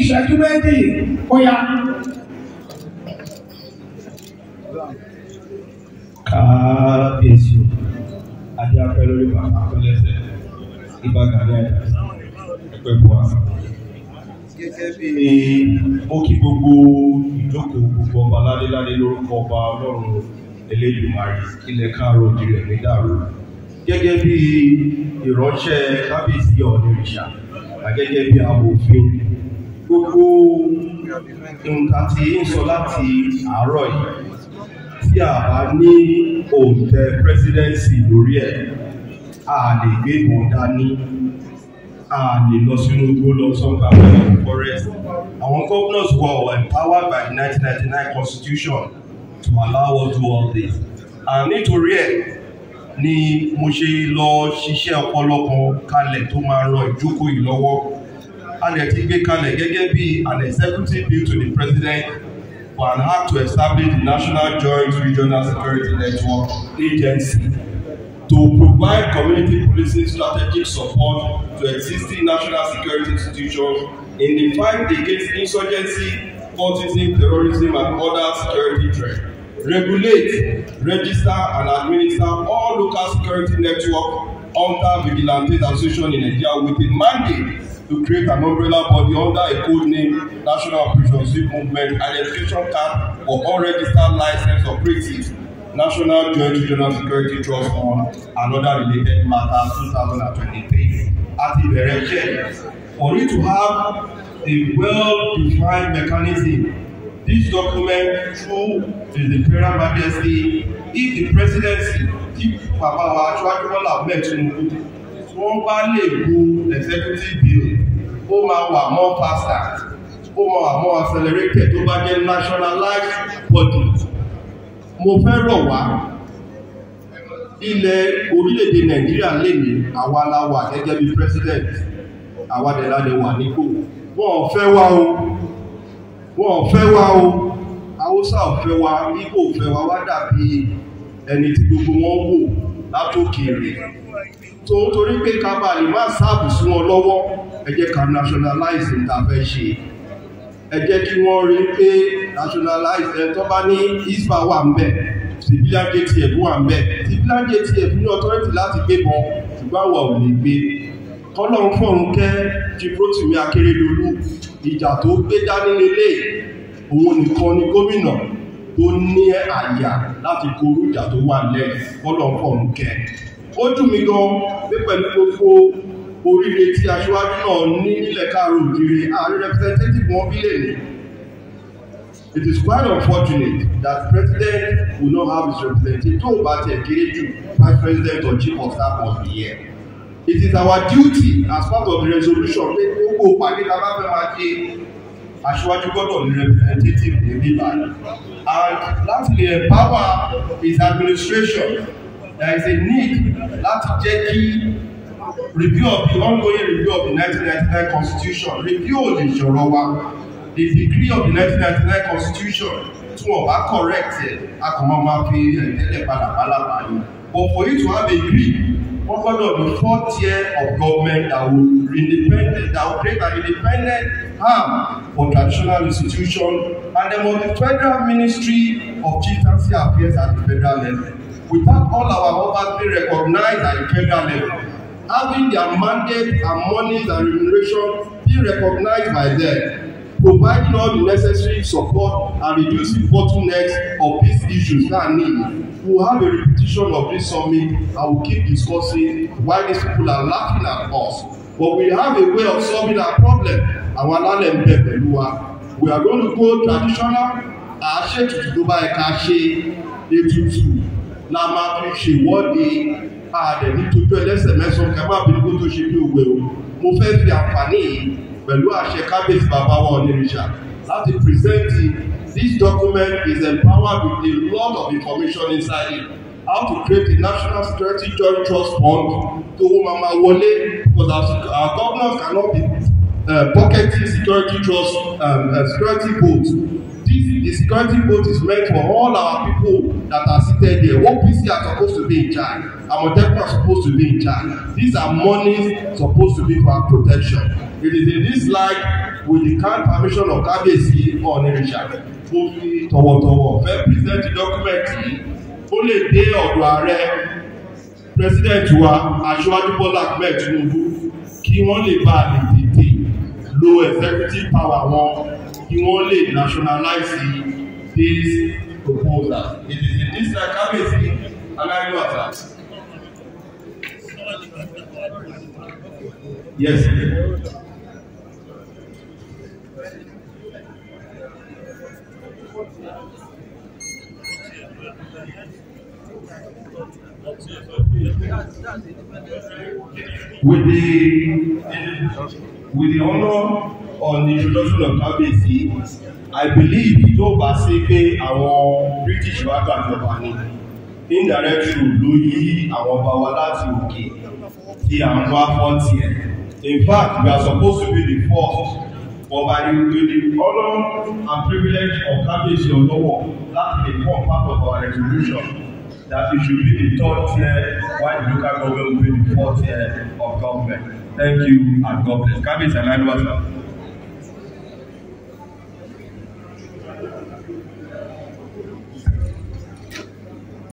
ìṣẹ́jú méjì ó yá. kábíyèsí o adé apẹ lórí bàbá akọlẹsẹ ibà gàdé àjà ẹgbẹ bua. gẹ́gẹ́ bí ó kí gbogbo ìjókòó gbogbo ọba ládéládé lórúkọ ọba ọlọ́run Elédùmarè ilẹ̀ káàró òjìrè ní dàrú gẹ́gẹ́ bí ìránṣẹ́ kábíyèsí ọ̀nìrìṣà àgẹ́gẹ́ bí amòfin gbogbo nǹkan tí ń sọ láti àárọ̀ yìí tí a bá ní òǹtẹ̀ presidency lórí ẹ̀ a lè gbé wọn dání a lè lọ sínú igbó lọ sọ́gbà wẹ́ẹ̀ forest àwọn governors were empowered by the 1999 constitution to allow us to do all this and nítorí ẹ̀ ni mo ṣe lọ ṣiṣẹ́ ọpọlọ kan kalẹ̀ tó máa ran ìjókòó yìí lọ́wọ́ a ti gbé kalẹ̀ gẹ́gẹ́ bí an executive bill to the president for an act to establish the National Joint Regional Security Network agency to provide community policing strategic support to existing national security institutions in the fight against insurgency cultism terrorism and other security threats regulate register and administer all local security network under vigilante association in Nigeria with a mandate to create an umbrella body under a code name National Operationship Movement and education card for all registered licensed operatives National Joint Regional Security Trust Fund and other related matters 2023 At the iṣẹ́. For it to have a well-defined mechanism, this document through his imperial majesty if the presidency tí power, actual government to move. Tinubu wọ́n bá lè bo executive bill ó máa wà more faster ó máa wà more accelerated tó bá jẹ́ nationalized body mo fẹ́ rọ̀ wá ilẹ̀ orílẹ̀-èdè nàìjíríà lè ní àwa la gẹ́gẹ́ bí president àwa dẹ̀ la lè wà nípò wọn ò fẹ́ wá o wọn ò fẹ́ wá o haúsá ò fẹ́ wá igbó ò fẹ́ wá wá dàbí ẹni tí gbogbo wọn wò látòkèèrè tó ń torí pé kábàlì má sáàbù sí wọn lọ́wọ́ ẹ jẹ́ ká nationalize ní tàbẹ́ ṣe ẹ jẹ́ kí wọ́n rí pé nationalize ẹ tó bá ní isba wà ń bẹ̀ civilian jtf wà ń bẹ̀ civilian jtf ní authority láti gbé bọ́n ṣùgbọ́n wà ò ní gbé kọ́lọ́run fọ́run kẹ́ Rotimi Akérédolú ìjà tó gbé dání lélẹ̀ òun nìkan ni gómìnà tó ní àyà láti korú ìjà tó wà lẹ́ kọ́lọ́run fọ́run kẹ́ ó dùn mí gan pé pẹ̀lú gbogbo oríire tí aṣíwájú náà ní nílẹ̀ káàró òjìrè ààrẹ representative wọn bí lè It is quite unfortunate that president will not have his representative tó bá tẹ̀ kéré jù vice president or chief of staff of the year. It is our duty as part of the resolution pé gbogbo pàdé tá a bá fẹ́ máa ṣe aṣíwájú gbọ́dọ̀ ní representative níbí báyìí. And lastly empower his administration there is a need láti jẹ́ kí review of the ongoing review of the 1999 constitution review of the ṣọ̀rọ̀ the degree of the 1999 constitution tí wọ́n bá correct ẹ̀ a kò máa máa fi ẹ̀ẹ́dẹ́lẹ̀ padà bálàbà ni but for you to have a degree wọ́n gbọ́dọ̀ be four tier of government that will independent that will create an independent arm for traditional institution and then must be federal ministry of chieftaincy affairs at the federal level without all our government being recognised at the federal level having their mandate and monies and remuneration be recognized by them, providing all the necessary support and reducing bottlenecks of these issues that need. We will have a repetition of this summit and will keep discussing why these people are laughing at us. But we have a way of solving our problem. Àwọn alálẹ̀ ń bẹ pẹ̀lú wa. We are going to go traditional. Àá to Dubai, bá ẹ̀ka ṣe ètùtù la máa fi ṣèwọ́de ààrẹ nítorí ẹlẹ́sẹ̀ mẹ́sàn-án kẹ́ máa bínú kó tó ṣe bí òwe o mo fẹ́ fi àǹfààní pẹ̀lú àṣẹ kábíyèsí bàbá wa onírìṣà láti pírẹsẹ́ǹtì this document is empowered with a lot of information inside it how to create a national security joint trust fund to mama wọlé because our, our governors cannot be uh, pocketing security trust um, uh, security votes This, the security boat is meant for all our people that are seated there. OPC are supposed to be in charge. Amotekun are supposed to be in charge. These are monies supposed to be for our protection. It is in this light with the kind permission of Kábíyèsí Ọ̀nìrìṣà tó fi tọ̀wọ̀tọ̀wọ̀ fẹ́ present the document yìí ó lè dé ààrẹ president wa Aṣíwájú Bọ́lá Ahmed Tinubu kí wọ́n lè bá a lè tètè lo executive power wọn kí wọ́n lè nationalize this proposal it is in this like kábíyèsí aláríwàtà. Yes. With the with the honor on the introduction of kábíyèsí I believe tó bá sí pé àwọn British wá gbàjọba ní indirect rule ló yí àwọn ọba wa láti òkè tí à ń wá fọ́ọ̀tì ẹ̀ in fact we are supposed to be the first but by the way the honour and privilege of kábíyèsí olówó láti dey form part of our resolution that it should be the third tier Why the local government will be the fourth tier of government thank you and God bless kábíyèsí aláìlú àṣà.